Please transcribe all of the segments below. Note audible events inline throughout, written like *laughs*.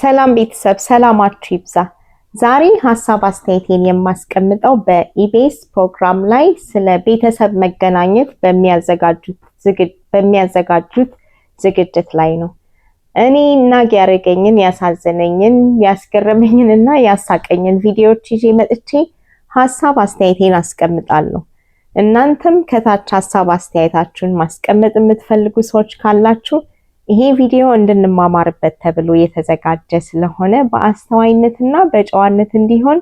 ሰላም ቤተሰብ ሰላማችሁ ይብዛ። ዛሬ ሀሳብ አስተያየቴን የማስቀምጠው በኢቢኤስ ፕሮግራም ላይ ስለ ቤተሰብ መገናኘት በሚያዘጋጁት ዝግጅት ላይ ነው። እኔ ናግ ያደረገኝን፣ ያሳዘነኝን፣ ያስገረመኝን እና ያሳቀኝን ቪዲዮዎች ይዤ መጥቼ ሀሳብ አስተያየቴን አስቀምጣለሁ። እናንተም ከታች ሀሳብ አስተያየታችሁን ማስቀመጥ የምትፈልጉ ሰዎች ካላችሁ ይሄ ቪዲዮ እንድንማማርበት ተብሎ የተዘጋጀ ስለሆነ በአስተዋይነትና በጨዋነት እንዲሆን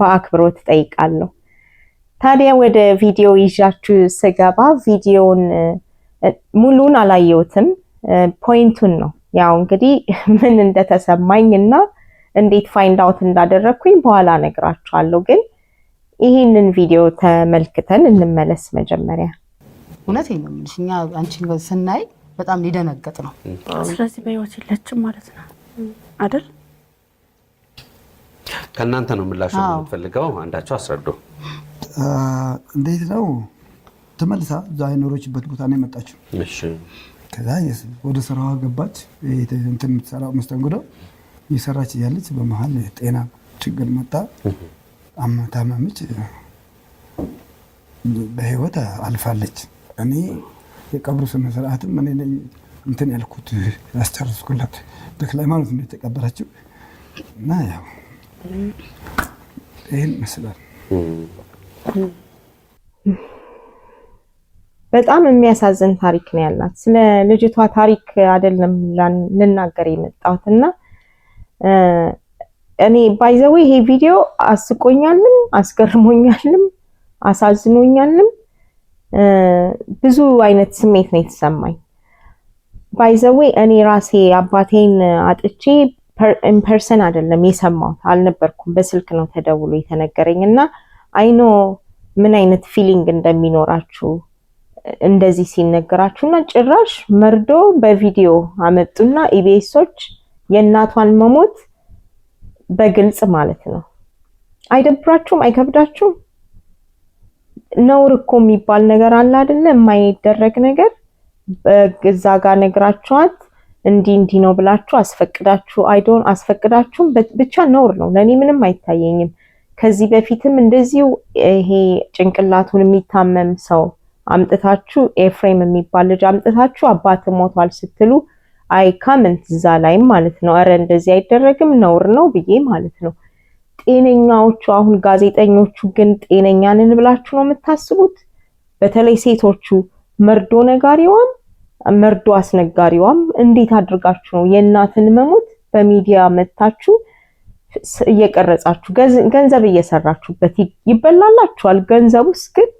በአክብሮት ጠይቃለሁ። ታዲያ ወደ ቪዲዮ ይዣችሁ ስገባ ቪዲዮን ሙሉን አላየሁትም፣ ፖይንቱን ነው። ያው እንግዲህ *laughs* ምን እንደተሰማኝ እና እንዴት ፋይንድ አውት እንዳደረግኩኝ በኋላ ነግራችኋለሁ። ግን ይህንን ቪዲዮ ተመልክተን እንመለስ። መጀመሪያ እውነት ነው የምልሽ እኛ አንቺን ስናይ በጣም ሊደነገጥ ነው። ስለዚህ በህይወት የለችም ማለት ነው አይደል? ከእናንተ ነው ምላሹ የምትፈልገው። አንዳቸው አስረዱ። እንዴት ነው ተመልሳ እዛ የኖረችበት ቦታ ነው የመጣችው። ከዛ ወደ ስራዋ ገባች። እንትን የምትሰራው መስተንግዶ እየሰራች እያለች በመሀል ጤና ችግር መጣ፣ ታመመች፣ በህይወት አልፋለች። እኔ የቀብሩ ስነ ስርዓትም እኔ ነኝ እንትን ያልኩት ያስጨርስኩላት። ተክለ ሃይማኖት ነው የተቀበረችው እና ያው ይህን ይመስላል። በጣም የሚያሳዝን ታሪክ ነው ያላት። ስለ ልጅቷ ታሪክ አይደለም ልናገር የመጣሁት እና እኔ ባይዘዌ ይሄ ቪዲዮ አስቆኛልም፣ አስገርሞኛልም፣ አሳዝኖኛልም ብዙ አይነት ስሜት ነው የተሰማኝ። ባይዘዌ እኔ ራሴ አባቴን አጥቼ ኢንፐርሰን አይደለም የሰማሁት አልነበርኩም። በስልክ ነው ተደውሎ የተነገረኝ እና አይኖ ምን አይነት ፊሊንግ እንደሚኖራችሁ እንደዚህ ሲነገራችሁ እና ጭራሽ መርዶ በቪዲዮ አመጡና ኢቢኤሶች የእናቷን መሞት በግልጽ ማለት ነው። አይደብራችሁም? አይከብዳችሁም? ነውር እኮ የሚባል ነገር አለ አይደለ? የማይደረግ ነገር እዛ ጋር ነግራችኋት እንዲህ እንዲህ ነው ብላችሁ አስፈቅዳችሁ አይዶን አስፈቅዳችሁም ብቻ ነውር ነው። ለእኔ ምንም አይታየኝም። ከዚህ በፊትም እንደዚሁ ይሄ ጭንቅላቱን የሚታመም ሰው አምጥታችሁ ኤፍሬም የሚባል ልጅ አምጥታችሁ አባት ሞቷል ስትሉ አይ ካምንት እዛ ላይም ማለት ነው። ኧረ እንደዚህ አይደረግም ነውር ነው ብዬ ማለት ነው። ጤነኛዎቹ አሁን ጋዜጠኞቹ ግን ጤነኛ ነን ብላችሁ ነው የምታስቡት? በተለይ ሴቶቹ መርዶ ነጋሪዋም መርዶ አስነጋሪዋም እንዴት አድርጋችሁ ነው የእናትን መሞት በሚዲያ መታችሁ እየቀረጻችሁ ገንዘብ እየሰራችሁበት ይበላላችኋል። ገንዘብ ውስጥ ግን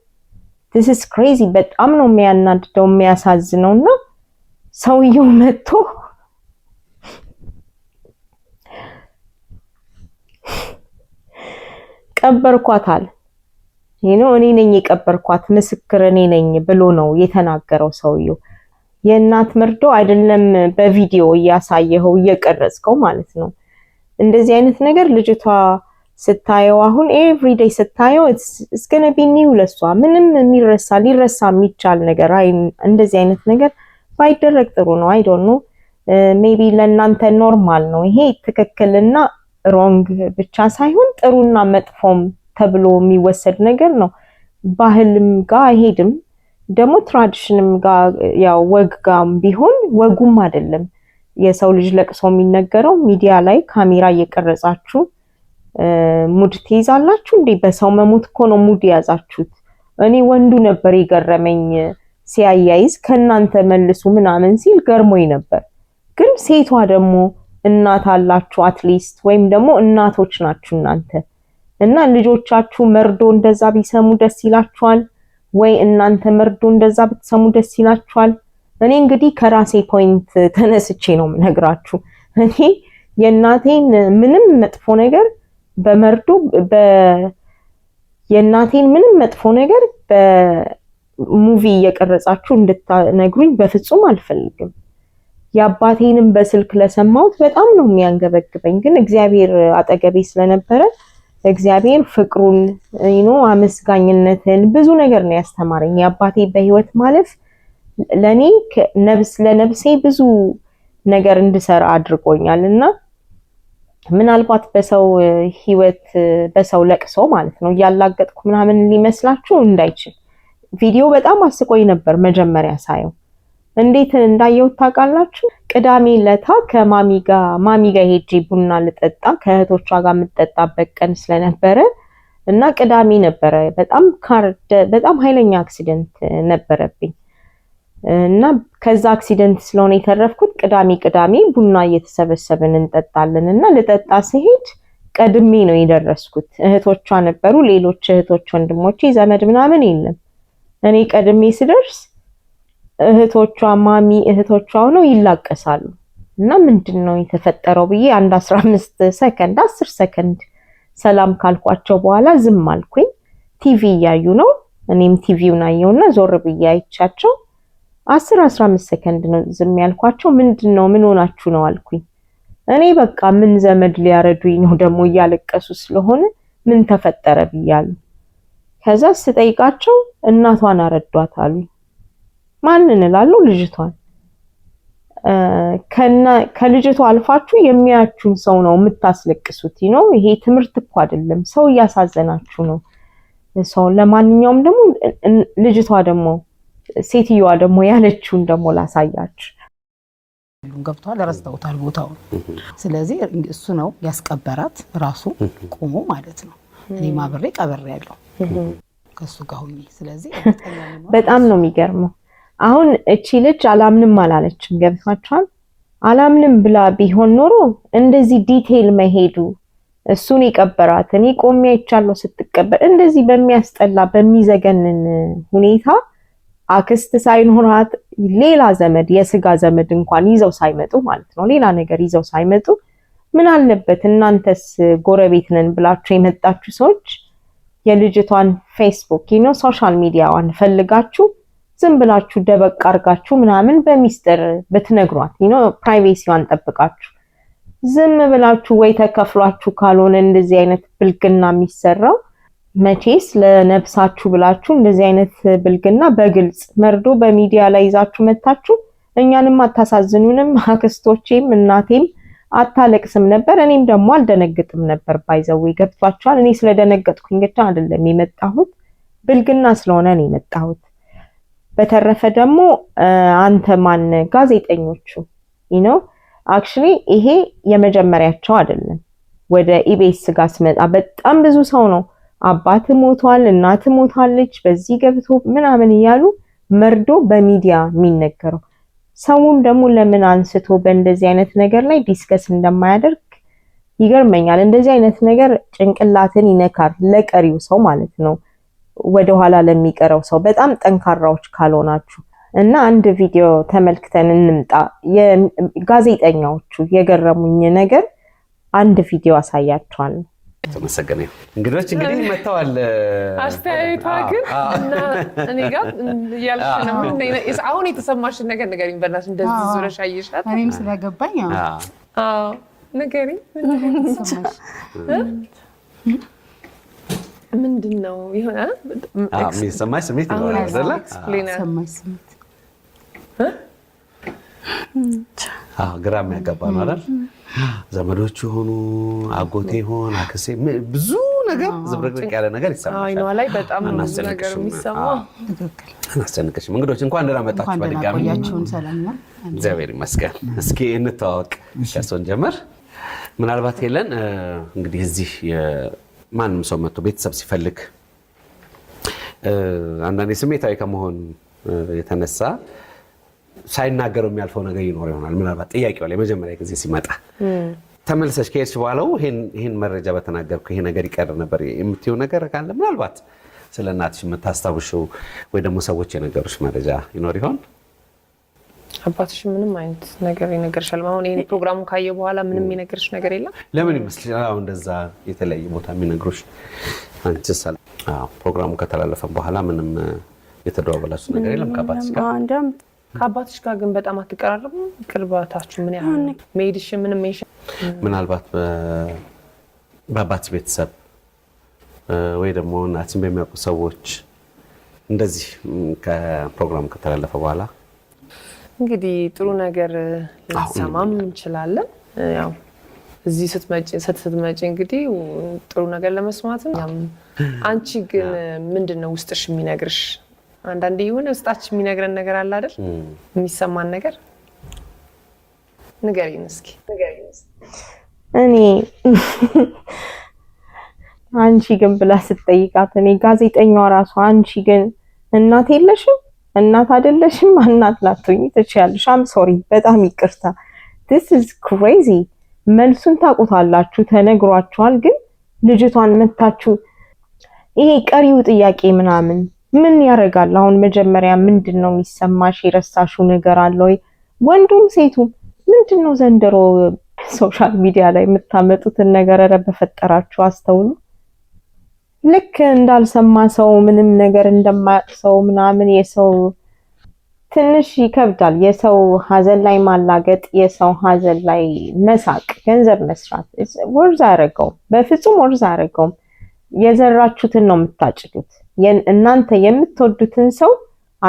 ስ ክሬዚ በጣም ነው የሚያናድደው የሚያሳዝነው እና ሰውየው መጥቶ ቀበርኳታል ይህ ነው እኔ ነኝ የቀበርኳት ምስክር እኔ ነኝ ብሎ ነው የተናገረው ሰውየው። የእናት መርዶ አይደለም በቪዲዮ እያሳየኸው እየቀረጽከው ማለት ነው። እንደዚህ አይነት ነገር ልጅቷ ስታየው አሁን ኤቭሪዴይ ስታየው እስከነ ቢኒ ለሷ ምንም የሚረሳ ሊረሳ የሚቻል ነገር አይ እንደዚህ አይነት ነገር ባይደረግ ጥሩ ነው። አይ ዶንት ኖ ሜቢ ለእናንተ ኖርማል ነው ይሄ ትክክልና ሮንግ ብቻ ሳይሆን ጥሩና መጥፎም ተብሎ የሚወሰድ ነገር ነው። ባህልም ጋር አይሄድም፣ ደግሞ ትራዲሽንም ጋር ያው ወግ ጋም ቢሆን ወጉም አይደለም። የሰው ልጅ ለቅሶ የሚነገረው ሚዲያ ላይ ካሜራ እየቀረጻችሁ ሙድ ትይዛላችሁ እንዴ? በሰው መሞት እኮ ነው ሙድ የያዛችሁት። እኔ ወንዱ ነበር የገረመኝ ሲያያይዝ ከእናንተ መልሱ ምናምን ሲል ገርሞኝ ነበር። ግን ሴቷ ደግሞ እናት አላችሁ አትሊስት ወይም ደግሞ እናቶች ናችሁ እናንተ እና ልጆቻችሁ መርዶ እንደዛ ቢሰሙ ደስ ይላችኋል ወይ እናንተ መርዶ እንደዛ ብትሰሙ ደስ ይላችኋል? እኔ እንግዲህ ከራሴ ፖይንት ተነስቼ ነው የምነግራችሁ። እኔ የእናቴን ምንም መጥፎ ነገር በመርዶ የእናቴን ምንም መጥፎ ነገር በሙቪ እየቀረጻችሁ እንድታነግሩኝ በፍጹም አልፈልግም። የአባቴንም በስልክ ለሰማሁት በጣም ነው የሚያንገበግበኝ። ግን እግዚአብሔር አጠገቤ ስለነበረ እግዚአብሔር ፍቅሩን ይኖ አመስጋኝነትን ብዙ ነገር ነው ያስተማረኝ። የአባቴ በህይወት ማለፍ ለእኔ ነብስ ለነብሴ ብዙ ነገር እንድሰራ አድርጎኛል እና ምናልባት በሰው ህይወት በሰው ለቅሶ ማለት ነው እያላገጥኩ ምናምን ሊመስላችሁ እንዳይችል ቪዲዮ በጣም አስቆኝ ነበር መጀመሪያ ሳየው እንዴት እንዳየው ታውቃላችሁ? ቅዳሜ ለታ ከማሚ ጋር ማሚ ጋር ሄጄ ቡና ልጠጣ ከእህቶቿ ጋር የምጠጣበት ቀን ስለነበረ እና ቅዳሜ ነበረ። በጣም ካርደ በጣም ኃይለኛ አክሲደንት ነበረብኝ እና ከዛ አክሲደንት ስለሆነ የተረፍኩት ቅዳሜ ቅዳሜ ቡና እየተሰበሰብን እንጠጣለን እና ልጠጣ ስሄድ ቀድሜ ነው የደረስኩት። እህቶቿ ነበሩ፣ ሌሎች እህቶች ወንድሞቼ፣ ዘመድ ምናምን የለም። እኔ ቀድሜ ስደርስ እህቶቿ ማሚ እህቶቿ ሆነው ይላቀሳሉ። እና ምንድን ነው የተፈጠረው ብዬ አንድ አስራ አምስት ሰከንድ አስር ሰከንድ ሰላም ካልኳቸው በኋላ ዝም አልኩኝ። ቲቪ እያዩ ነው። እኔም ቲቪውን አየውና ዞር ብዬ አይቻቸው አስር አስራ አምስት ሰከንድ ነው ዝም ያልኳቸው። ምንድን ነው ምን ሆናችሁ ነው አልኩኝ። እኔ በቃ ምን ዘመድ ሊያረዱኝ ነው ደግሞ እያለቀሱ ስለሆነ ምን ተፈጠረ ብያሉ። ከዛ ስጠይቃቸው እናቷን አረዷት አሉ። ማንን እላለሁ? ልጅቷን። ከልጅቱ አልፋችሁ የሚያያችሁን ሰው ነው የምታስለቅሱት ነው። ይሄ ትምህርት እኮ አይደለም፣ ሰው እያሳዘናችሁ ነው ሰው። ለማንኛውም ደግሞ ልጅቷ ደግሞ ሴትዮዋ ደግሞ ያለችውን ደግሞ ላሳያችሁ። ገብቷል፣ ረስተውታል ቦታውን። ስለዚህ እሱ ነው ያስቀበራት ራሱ ቆሞ ማለት ነው። እኔ ማብሬ ቀበሬ ያለው ከሱ ጋር ሁኜ። ስለዚህ *laughs* በጣም ነው የሚገርመው። አሁን እቺ ልጅ አላምንም አላለችም። ገብቷቸዋል። አላምንም ብላ ቢሆን ኖሮ እንደዚህ ዲቴይል መሄዱ እሱን የቀበራት እኔ ቆሜ አይቻለሁ ስትቀበር፣ እንደዚህ በሚያስጠላ በሚዘገንን ሁኔታ አክስት ሳይኖራት ሌላ ዘመድ የስጋ ዘመድ እንኳን ይዘው ሳይመጡ ማለት ነው፣ ሌላ ነገር ይዘው ሳይመጡ ምን አለበት እናንተስ ጎረቤት ነን ብላችሁ የመጣችሁ ሰዎች የልጅቷን ፌስቡክ ነው ሶሻል ሚዲያዋን ፈልጋችሁ ዝም ብላችሁ ደበቅ አድርጋችሁ ምናምን በሚስጥር ብትነግሯት ይኖ ፕራይቬሲዋን ጠብቃችሁ ዝም ብላችሁ ወይ ተከፍሏችሁ ካልሆነ እንደዚህ አይነት ብልግና የሚሰራው መቼስ ለነብሳችሁ ብላችሁ እንደዚህ አይነት ብልግና በግልጽ መርዶ በሚዲያ ላይ ይዛችሁ መታችሁ እኛንም አታሳዝኑንም። አክስቶቼም እናቴም አታለቅስም ነበር፣ እኔም ደግሞ አልደነግጥም ነበር። ባይዘው ገብቷችኋል። እኔ ስለደነገጥኩኝ ብቻ አይደለም የመጣሁት፣ ብልግና ስለሆነ ነው የመጣሁት። በተረፈ ደግሞ አንተ ማን ጋዜጠኞቹ ነው አክቹሊ ይሄ የመጀመሪያቸው አይደለም። ወደ ኢቤስ ጋር ስመጣ በጣም ብዙ ሰው ነው አባት ሞቷል፣ እናት ሞታለች፣ በዚህ ገብቶ ምናምን እያሉ መርዶ በሚዲያ የሚነገረው ሰውም ደግሞ ለምን አንስቶ በእንደዚህ አይነት ነገር ላይ ዲስከስ እንደማያደርግ ይገርመኛል። እንደዚህ አይነት ነገር ጭንቅላትን ይነካል፣ ለቀሪው ሰው ማለት ነው። ወደኋላ ለሚቀረው ሰው በጣም ጠንካራዎች ካልሆናችሁ እና አንድ ቪዲዮ ተመልክተን እንምጣ። ጋዜጠኛዎቹ የገረሙኝ ነገር አንድ ቪዲዮ አሳያቸዋል። ተመሰገነ እንግዶች እንግዲህ መጥተዋል። አስተያየቷ ግን እኔ ጋር እያልሽ ነው። አሁን የተሰማሽን ነገር ንገሪኝ በእናትሽ። እንደዚህ ዙረሽ አየሻት። እኔም ስለገባኝ ንገሪኝ። ለምንድን ነው የሆነ የሚሰማሽ ስሜት ይኖራል አይደለ? ግራ የሚያገባ ነው አይደል? ዘመዶች አጎቴ ሆን አክሴ ብዙ ነገር ዝብርቅርቅ ያለ ነገር ይሰማል። አናስጨንቅሽም። እንግዶች እንኳን ደህና መጣችሁ በድጋሚ እግዚአብሔር ይመስገን። እስኪ እንተዋወቅ፣ ጀምር። ምናልባት የለን እንግዲህ እዚህ ማንም ሰው መጥቶ ቤተሰብ ሲፈልግ አንዳንዴ ስሜታዊ ከመሆን የተነሳ ሳይናገረው የሚያልፈው ነገር ይኖር ይሆናል። ምናልባት ጥያቄው ላይ መጀመሪያ ጊዜ ሲመጣ ተመልሰች ከሄድሽ በኋላው ይህን መረጃ በተናገርኩ ይሄ ነገር ይቀር ነበር የምትይው ነገር ካለ ምናልባት ስለ እናትሽ የምታስታውሽው ወይ ደግሞ ሰዎች የነገሩሽ መረጃ ይኖር ይሆን? አባትሽ ምንም አይነት ነገር ይነገርሻል? አሁን ይሄን ፕሮግራሙን ካየ በኋላ ምንም የነገርሽ ነገር የለም? ለምን ይመስልሻል? አሁን እንደዛ የተለያየ ቦታ የሚነግሮች አንችሳል። ፕሮግራሙ ከተላለፈ በኋላ ምንም የተደዋወላችሁ ነገር የለም ከአባትሽ ጋር? ከአባትሽ ጋር ግን በጣም አትቀራረቡ? ቅርባታችሁ ምን ያህል መሄድሽ ምንም ሽ ምናልባት በአባት ቤተሰብ ወይ ደግሞ እናትሽን በሚያውቁ ሰዎች እንደዚህ ከፕሮግራሙ ከተላለፈ በኋላ እንግዲህ ጥሩ ነገር ልንሰማም እንችላለን። ያው እዚህ ስትመጪ እንግዲህ ጥሩ ነገር ለመስማትም አንቺ ግን ምንድን ነው ውስጥሽ የሚነግርሽ? አንዳንዴ የሆነ ውስጣችን የሚነግረን ነገር አለ አይደል? የሚሰማን ነገር ንገሪን እስኪ። እኔ አንቺ ግን ብላ ስትጠይቃት እኔ ጋዜጠኛዋ ራሷ አንቺ ግን እናት የለሽም እናት አይደለሽም እናት ላትሆኚ ትችያለሽ። አም ሶሪ በጣም ይቅርታ። ዲስ ኢዝ ክሬዚ። መልሱን ታውቁታላችሁ፣ ተነግሯችኋል። ግን ልጅቷን መታችሁ። ይሄ ቀሪው ጥያቄ ምናምን ምን ያደርጋል? አሁን መጀመሪያ ምንድን ነው የሚሰማሽ? የረሳሽው ነገር አለ ወይ? ወንዱም ሴቱም ምንድን ነው ዘንድሮ ሶሻል ሚዲያ ላይ የምታመጡትን ነገር? ኧረ በፈጠራችሁ አስተውሉ። ልክ እንዳልሰማ ሰው ምንም ነገር እንደማያውቅ ሰው ምናምን የሰው ትንሽ ይከብዳል። የሰው ሀዘን ላይ ማላገጥ፣ የሰው ሀዘን ላይ መሳቅ፣ ገንዘብ መስራት ወርዝ አያደርገውም። በፍጹም ወርዝ አያደርገውም። የዘራችሁትን ነው የምታጭዱት። እናንተ የምትወዱትን ሰው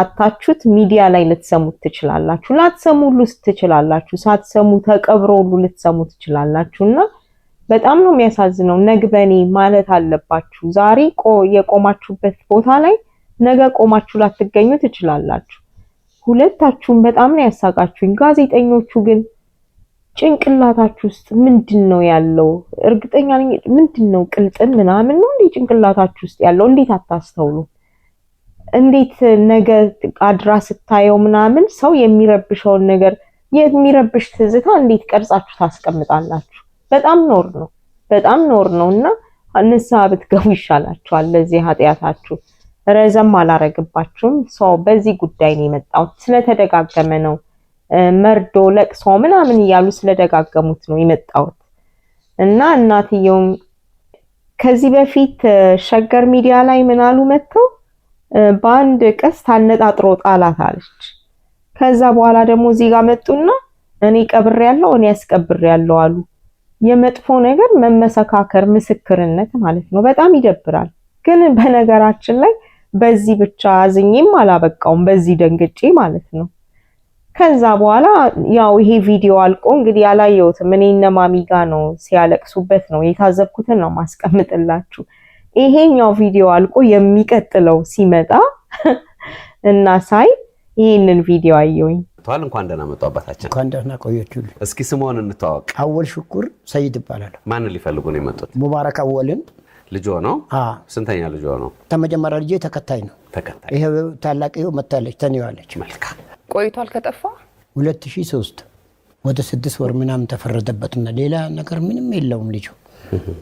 አታችሁት ሚዲያ ላይ ልትሰሙት ትችላላችሁ፣ ላትሰሙ ሁሉ ትችላላችሁ፣ ሳትሰሙ ተቀብሮ ሁሉ ልትሰሙ ትችላላችሁ እና በጣም ነው የሚያሳዝነው። ነግበኔ ማለት አለባችሁ። ዛሬ የቆማችሁበት ቦታ ላይ ነገ ቆማችሁ ላትገኙ ትችላላችሁ። ሁለታችሁም በጣም ነው ያሳቃችሁኝ። ጋዜጠኞቹ ግን ጭንቅላታችሁ ውስጥ ምንድን ነው ያለው? እርግጠኛ ነኝ ምንድን ነው ምናምን ነው እንዴ ጭንቅላታችሁ ውስጥ ያለው? እንዴት አታስተውሉ? እንዴት ነገ አድራ ስታየው ምናምን ሰው የሚረብሸውን ነገር የሚረብሽ ትዝታ እንዴት ቀርጻችሁ ታስቀምጣላችሁ? በጣም ኖር ነው፣ በጣም ኖር ነው እና ንስሐ ብትገቡ ይሻላችኋል። ለዚህ ኃጢአታችሁ ረዘም አላረግባችሁም። ሰው በዚህ ጉዳይ ነው የመጣሁት ስለተደጋገመ ነው መርዶ፣ ለቅሶ ምናምን እያሉ ስለደጋገሙት ነው የመጣሁት እና እናትየውም ከዚህ በፊት ሸገር ሚዲያ ላይ ምናሉ መጥተው በአንድ ቀስት አነጣጥሮ ጣላት አለች። ከዛ በኋላ ደግሞ እዚህ ጋር መጡና እኔ ቀብሬያለሁ እኔ ያስቀብሬያለሁ አሉ። የመጥፎ ነገር መመሰካከር ምስክርነት ማለት ነው። በጣም ይደብራል። ግን በነገራችን ላይ በዚህ ብቻ አዝኜም አላበቃውም፣ በዚህ ደንግጬ ማለት ነው። ከዛ በኋላ ያው ይሄ ቪዲዮ አልቆ እንግዲህ ያላየሁትም እኔ እነ ማሚ ጋ ነው ሲያለቅሱበት ነው የታዘብኩትን ነው ማስቀምጥላችሁ። ይሄኛው ቪዲዮ አልቆ የሚቀጥለው ሲመጣ *laughs* እና ሳይ ይሄንን ቪዲዮ አየውኝ። መጥተዋል። እንኳን ደህና መጡ አባታችን። እንኳን ደህና ቆያችሁ። እስኪ ስምዎን እንተዋወቅ። አወል ሽኩር ሰይድ ይባላል። ማንን ሊፈልጉ ነው የመጡት? ሙባረክ አወልን ልጆ ነው። ስንተኛ ልጆ ነው? ከመጀመሪያ ልጄ ተከታይ ነው። ተከታይ ይሄ ታላቅ ይኸው መታለች ተኒዋለች። መልካም ቆይቷል ከጠፋ 2003 ወደ ስድስት ወር ምናምን ተፈረደበትና ሌላ ነገር ምንም የለውም ልጁ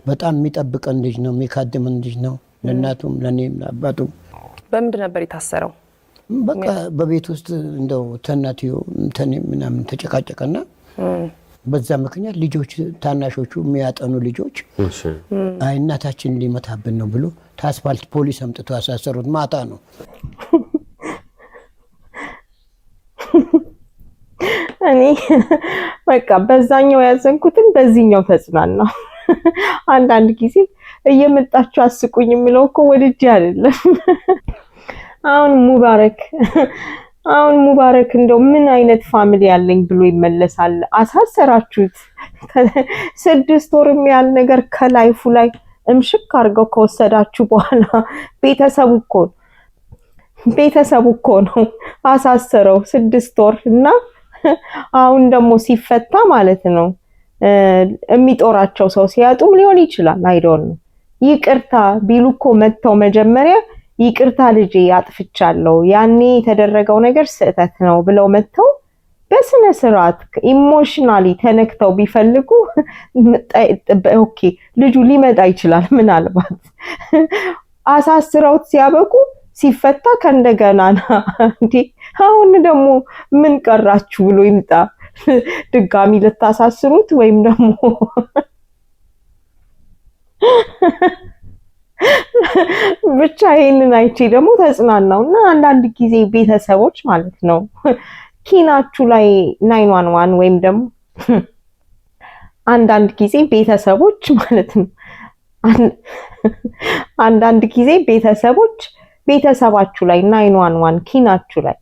በጣም የሚጠብቀን ልጅ ነው። የሚካድመን ልጅ ነው። ለእናቱም ለእኔም ለአባቱም። በምንድን ነበር የታሰረው? በቃ በቤት ውስጥ እንደው ተናትዮ ምናምን ተጨቃጨቀና በዛ ምክንያት ልጆች ታናሾቹ የሚያጠኑ ልጆች አይ እናታችን ሊመታብን ነው ብሎ ታስፋልት ፖሊስ አምጥቶ ያሳሰሩት ማታ ነው። እኔ በቃ በዛኛው ያዘንኩትን በዚህኛው ተጽናና። አንዳንድ ጊዜ እየመጣችሁ አስቁኝ የሚለው እኮ ወድጄ አይደለም። አሁን ሙባረክ አሁን ሙባረክ እንደው ምን አይነት ፋሚሊ ያለኝ ብሎ ይመለሳል። አሳሰራችሁት። ስድስት ወር የሚያል ነገር ከላይፉ ላይ እምሽክ አድርገው ከወሰዳችሁ በኋላ ቤተሰቡ እኮ ቤተሰቡ እኮ ነው አሳሰረው ስድስት ወር እና አሁን ደግሞ ሲፈታ ማለት ነው የሚጦራቸው ሰው ሲያጡም ሊሆን ይችላል። አይዶን ይቅርታ ቢሉ እኮ መጥተው መጀመሪያ ይቅርታ ልጄ አጥፍቻለሁ፣ ያኔ የተደረገው ነገር ስህተት ነው ብለው መጥተው በስነ ስርዓት ኢሞሽናሊ ተነክተው ቢፈልጉ ኦኬ ልጁ ሊመጣ ይችላል። ምናልባት አሳስረውት ሲያበቁ ሲፈታ ከእንደገና ና እንዴ አሁን ደግሞ ምን ቀራችሁ ብሎ ይምጣ ድጋሚ ልታሳስሩት ወይም ደግሞ ብቻ ይሄንን አይቼ ደግሞ ተጽናናው እና አንዳንድ ጊዜ ቤተሰቦች ማለት ነው *laughs* ኪናችሁ ላይ ናይን ዋን ዋን ወይም ደግሞ *laughs* አንዳንድ ጊዜ ቤተሰቦች ማለት ነው *laughs* አንዳንድ ጊዜ ቤተሰቦች ቤተሰባችሁ ላይ ናይን ዋን ዋን ኪናችሁ ላይ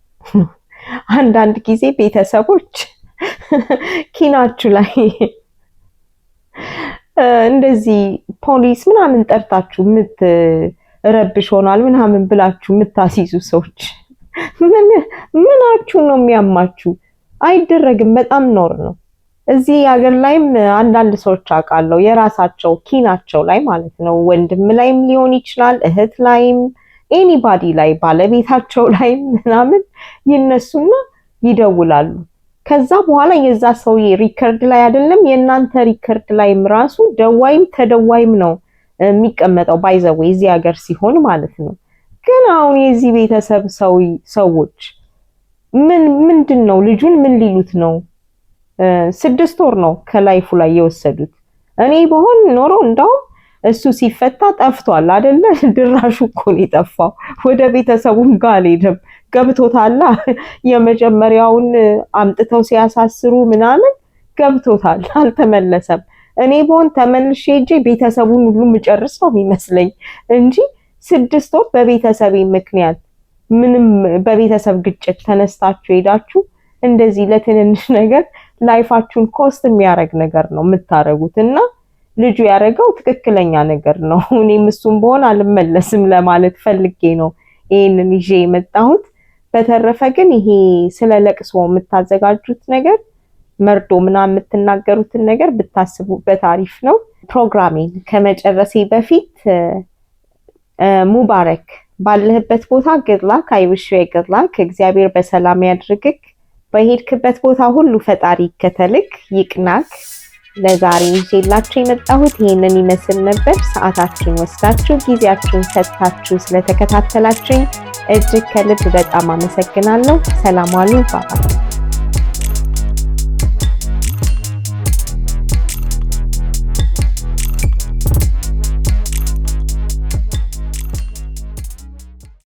አንዳንድ ጊዜ ቤተሰቦች ኪናችሁ ላይ እንደዚህ ፖሊስ ምናምን ጠርታችሁ የምትረብሽ ሆኗል ምናምን ብላችሁ የምታስይዙ ሰዎች ምናችሁ ነው የሚያማችሁ? አይደረግም። በጣም ኖር ነው። እዚህ ሀገር ላይም አንዳንድ ሰዎች አውቃለሁ የራሳቸው ኪናቸው ላይ ማለት ነው ወንድም ላይም ሊሆን ይችላል እህት ላይም ኤኒባዲ ላይ ባለቤታቸው ላይም ምናምን ይነሱና ይደውላሉ። ከዛ በኋላ የዛ ሰውዬ ሪከርድ ላይ አይደለም የእናንተ ሪከርድ ላይም ራሱ ደዋይም ተደዋይም ነው የሚቀመጠው ባይዘዌ እዚህ ሀገር ሲሆን ማለት ነው። ግን አሁን የዚህ ቤተሰብ ሰዎች ምን ምንድን ነው ልጁን ምን ሊሉት ነው? ስድስት ወር ነው ከላይፉ ላይ የወሰዱት። እኔ በሆን ኖሮ እንዳውም እሱ ሲፈታ ጠፍቷል አይደለ? ድራሹ እኮ ነው የጠፋው። ወደ ቤተሰቡም ጋር አልሄደም። ገብቶታላ። የመጀመሪያውን አምጥተው ሲያሳስሩ ምናምን ገብቶታል፣ አልተመለሰም። እኔ በሆን ተመልሼ እጄ ቤተሰቡን ሁሉ ምጨርስ ነው የሚመስለኝ እንጂ ስድስት ወር በቤተሰቤ ምክንያት ምንም በቤተሰብ ግጭት ተነስታችሁ ሄዳችሁ እንደዚህ ለትንንሽ ነገር ላይፋችሁን ኮስት የሚያደርግ ነገር ነው የምታደርጉት እና ልጁ ያደረገው ትክክለኛ ነገር ነው። እኔም እሱም በሆን አልመለስም ለማለት ፈልጌ ነው ይህንን ይዤ የመጣሁት። በተረፈ ግን ይሄ ስለ ለቅሶ የምታዘጋጁት ነገር መርዶ ምናምን የምትናገሩትን ነገር ብታስቡበት አሪፍ ነው። ፕሮግራሜን ከመጨረሴ በፊት ሙባረክ ባለህበት ቦታ ግድላክ አይብሽ ግድላክ እግዚአብሔር በሰላም ያድርግክ። በሄድክበት ቦታ ሁሉ ፈጣሪ ይከተልክ ይቅናክ። ለዛሬ ይዤላችሁ የመጣሁት ይህንን ይመስል ነበር። ሰዓታችሁን ወስዳችሁ ጊዜያችሁን ሰጥታችሁ ስለተከታተላችሁኝ እጅግ ከልብ በጣም አመሰግናለሁ። ሰላም ዋሉ። ባባይ